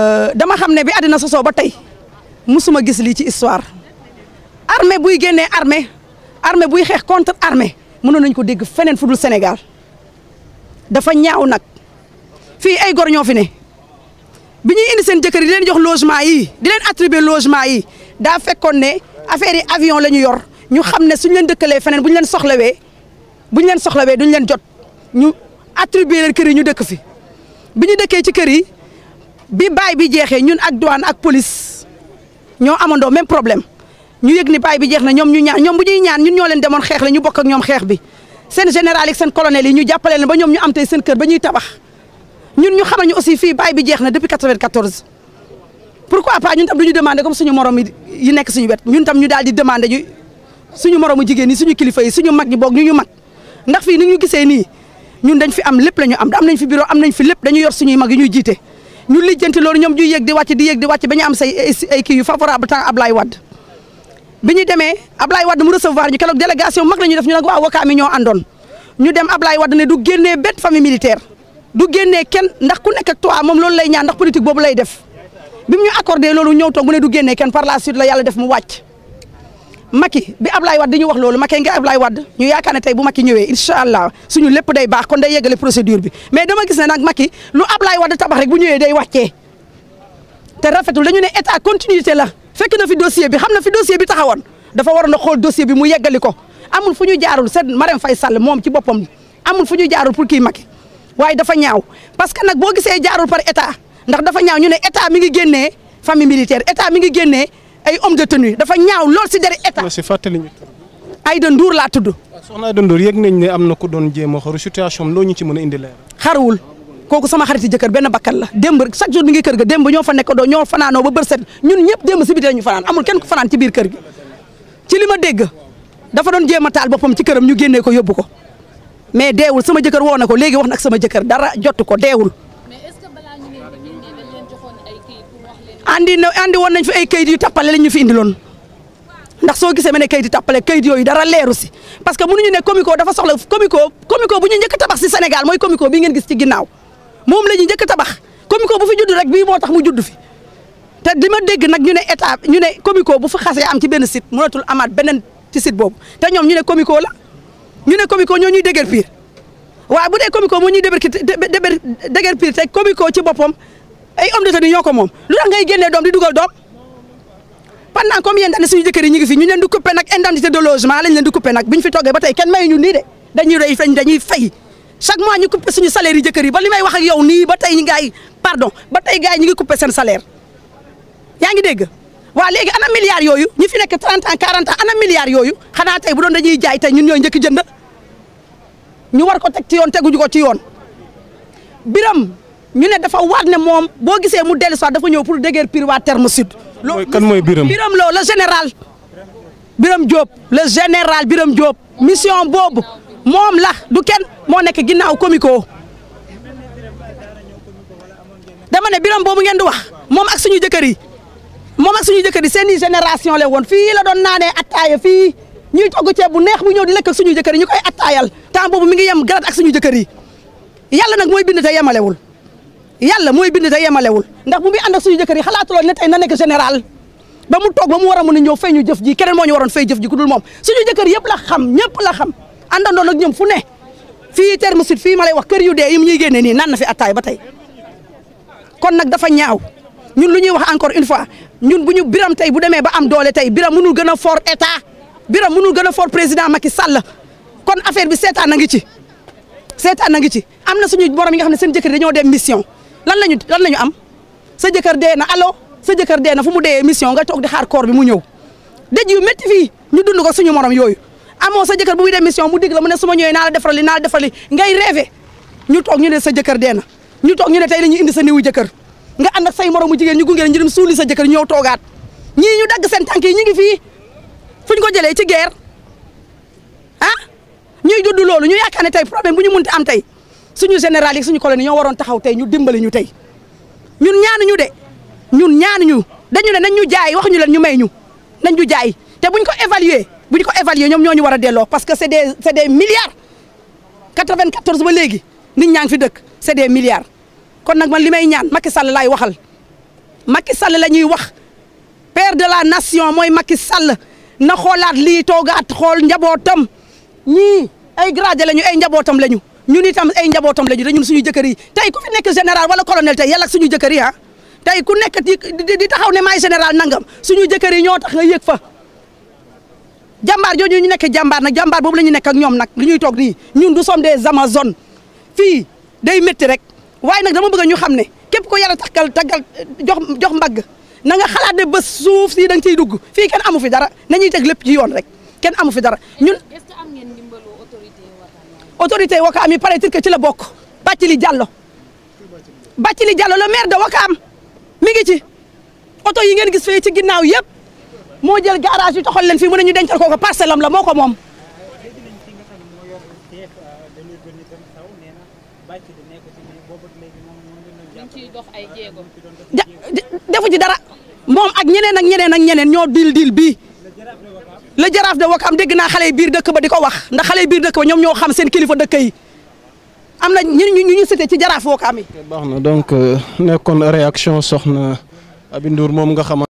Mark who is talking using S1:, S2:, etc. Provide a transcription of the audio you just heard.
S1: Euh, dama xam ne bi àddina sosoo ba tey musuma gis lii ci histoire armée buy génnee armée armée buy xeex contre armée mënoon nañ ko dégg feneen fu dul Sénégal dafa ñaaw nag fii ay gor ñoo ne bi ñu indi seen jëkkër yi di leen jox logement yi di leen attribuer logement yi daa fekkoon ne affaire yi avion la ñu yor ñu xam ne suñ leen dëkkalee feneen bu ñu leen soxlawee bu ñu leen soxlawee duñ leen jot ñu attribuer leen kër yi ñu dëkk fi bi ñu dëkkee ci kër yi. bi baay bi jeexee ñun ak douane ak police ñoo amandoo même problème ñu yëg ni baay bi jeex na ñoom ñu ñaan ñoom bu ñuy ñaan ñun ñoo leen demoon xeex la ñu bokk ak ñoom xeex bi seen général yi seen colonel yi ñu jàppale leen ba ñoom ñu am tey seen kër ba ñu xamal ñu aussi fii baay bi jeex na depuis 94. pourquoi pas ñun tam du ñu demandé comme suñu morom yi nekk suñu wet ñun ñu daal di demandé ñu suñu moromu jigéen ñi suñu kilifa yi suñu mag ñi boog ñu ñu mag ndax fi ni ñu gisee nii ñun dañ fi am lépp la ñu am am nañ fi bureau am nañ fi lépp dañu yor suñuy mag yu ñuy jiite ñu lijjanti loolu ñoom ñuy yéeg di wàcc di yéeg di wàcc ba ñu am say ay kii yu favorable temps Ablaye Wade bi ñu demee Ablaye Wade mu recevoir ñu keroog délégation mag la ñu def ñu nag waa Wakaam yi ñoo àndoon ñu dem Ablaye Wade ne du génnee benn famille militaire du génnee kenn ndax ku nekk ak toi moom loolu lay ñaan ndax politique boobu lay def bi mu ñu accordé loolu ñëw toog mu ne du génnee kenn par la suite la yàlla def mu wàcc Macky bi Ablaye Wade ñu wax loolu Macky nga Ablaye Wade ñu yaakaar ne tey bu Macky ñëwee incha allah suñu lépp day baax kon day yeggale procédure bi mais dama gis ne nag Macky lu Ablaye Wade tabax rek bu ñëwee day wàccee te rafetul dañu ne état continuité la fekk na fi dossier bi xam na fi dossier bi taxawoon dafa waroon a xool dossier bi mu yeggali ko amul fu ñu jaarul seen ma Faye Sall moom ci boppam amul fu ñu jaarul pour kii Macky waaye dafa ñaaw parce que nag boo gisee jaarul par état ndax dafa ñaaw ñu ne état mi ngi génnee famille militaire état mi ngi génnee. ay homme de tenue dafa ñaaw lool si deri état. si fàttali ñu. Aïda Ndour laa tudd. waaw ah, soxna Aïda Ndour yëg nañ ne am na ko doon jéem a xaru situation loo ñu ci mën a indi leer. xaruwul kooku sama xariti jëkkër benn bakkal la démb chaque jour mi ngi kër ga démb ñoo fa nekk doo ñoo fanaanoo ba bër set ñun ñëpp démb si biir ñu fanaan amul kenn ku fanaan ci biir kër gi ci li ma dégg dafa doon jéem a taal boppam ci këram ñu génnee ko yóbbu ko mais deewul sama jëkkër woo na ko léegi wax nag sama jëkkër dara jotu ko deewul andi na andi woon nañ fi ay kayit yu tappale lañ ñu fi indiloon ndax soo gisee ma e kayit yu tappale kayit yooyu dara leeru si parce que ñu ne comico dafa soxla comico comico bu ñu njëkk tabax si Sénégal mooy comico bii ngeen gis ci ginnaaw moom la ñu njëkk tabax comico bu fi judd rek bii moo tax mu judd fi te li ma dégg nag ñu ne état ñu ne comico bu fi xasee am ci benn site mënatul amaat beneen ti sit boobu te ñoom ñu ne comico la ñu ne comico ñoo ñuy dégër piir waaye bu dee comico moo ñuy dégër piir te komikoo ci boppam ay homme de tenue ñoo ko moom lu tax ngay génnee doom di dugal doom pendant combien d'années suñu jëkkër yi ñu ngi fi ñu leen di coupé nag indemnité de logement lañ leen di coupé nag bi ñu fi toggee ba tey kenn mayu ñu nii de dañuy rey fañ dañuy fay chaque mois ñu coupé suñu salaire yi jëkkër yi ba li may wax ak yow nii ba tey ñu gaay pardon ba tey gaay ñu ngi coupé seen salaire yaa ngi dégg waa léegi ana milliards yooyu ñi fi nekk 30 ans 40 ans ana milliards yooyu xanaa tey bu doon dañuy jaay tey ñun ñooy njëkk ñu war ko teg ci yoon teguñu ko ci yoon biram ñu ne dafa waat ne moom boo gisee mu dellu soit dafa ñëw pour dëgër pir waa terme sud. kan mooy biram Birame Lo le biram Birame Diop le général Birame Diop mission boobu moom la du kenn moo nekk ginnaaw comico dama ne Birame boobu ngeen di wax moom ak suñu jëkkër yi moom ak suñu jëkkër yi seen i génération la woon fii la doon naanee attaaya fii ñuy togg ceeb bu neex bu ñëw di lekk ak suñu jëkkër yi ñu koy attaayal temps boobu mi ngi yem garat ak suñu jëkkër yi yàlla nag mooy bind te yemalewul. yàlla mooy bind te yemalewul ndax bu muy ànd ak suñu jëkkër yi xalaatuloon ne tey na nekk général ba mu toog ba mu war a mën a ñëw fay ñu jëf ji keneen moo ñu waroon fay jëf ji ku dul moom suñu jëkkër yëpp la xam ñëpp la xam àndandoon ak ñoom fu ne fii terme fii ma lay wax kër yu dee yi ñuy génne nii nan na fi attaay ba tey kon nag dafa ñaaw ñun lu ñuy wax encore une fois ñun bu ñu biram tey bu demee ba am doole tey biram mënul gën a fort état biram mënul gën a fort président Macky Sall kon affaire bi seetaan na ngi ci seetaan na ngi ci am na suñu borom yi nga xam ne seen dañoo dem mission lan lañu lan lañu am sa jëkkër dee na allo sa jëkkër dee na fu mu dee mission nga toog di xaar koor bi mu ñëw dëj yu métti fii ñu dund ko suñu morom yooyu amoo sa jëkkër bu muy dem mission mu dig la mu ne su ma ñëwee naa la defarali naa la defarali ngay rêvé ñu toog ñu ne sa jëkkër dee na ñu toog ñu ne tey la ñuy indi sa néewu jëkkër nga ànd ak say moromu jigéen ñu gunge ñu dem suuli sa jëkkër ñëw toogaat ñii ñu dagg seen tànk yi ngi fii fu ñu ko jëlee ci guerre ah ñuy dudd loolu ñu yaakaar ne tey problème bu ñu munti am tey suñu général yi suñu colonie ñoo waroon taxaw tey ñu dimbali ñu tey ñun ñu de ñun ñaanuñu dañu ne nañ ñu jaay wax ñu leen ñu may ñu nañ ñu jaay te buñ ko évaluer ñu ko évaluer ñoom ñoo ñu war a delloo parce que c'est des c'est des milliards 94 ba léegi nit ñaa ngi fi dëkk c'est des milliards kon nag man li may ñaan Macky Sall laay waxal Macky Sall la ñuy wax père de la nation mooy Macky Sall na xoolaat lii toogaat xool njabootam ñii ay gradé lañu ay njabootam lañu. ñun itam ay njabootam lañu te ñun suñu jëkkër yi tey ku fi nekk général wala colonel tey yàlla ak suñu jëkkër yi ah tey ku nekk di taxaw ne maay général nangam suñu jëkkër yi ñoo tax nga yëg fa jàmbaar jooju ñu nekk jàmbaar na jàmbaar boobu la ñu nekk ak ñoom nag li ñuy toog nii ñun du sommes des amazones fii day métti rek waaye nag dama bëgg ñu xam ne képp ko yàlla takkal taggal jox jox mbagg na nga xalaat ne bés suuf si da nga ciy dugg fii kenn amu fi dara na ñuy teg lépp ci yoon rek kenn amu fi dara ñun autorité yi Wakaam yi paraît-il que ci la bokk Bathily Diallo Bathily Diallo le maire de Wakaam mi ngi ci oto yi ngeen gis fee ci ginnaaw yëpp moo jël garage yi toxal leen fii mu ne ñu dencal ko ko la moo ko moom. defu ci dara moom ak ñeneen ak ñeneen ak ñeneen ñoo dil dil bii. la jaraaf de Wakaam dégg naa xale yi biir dëkk ba di ko wax ndax xale yi biir dëkk ba ñoom ñoo xam seen kilifa dëkk yi am na ñu ñu ñu cité ci jaraaf Wakaam yi. baax na donc euh, nekkoon réaction soxna Abi Ndour moom nga xam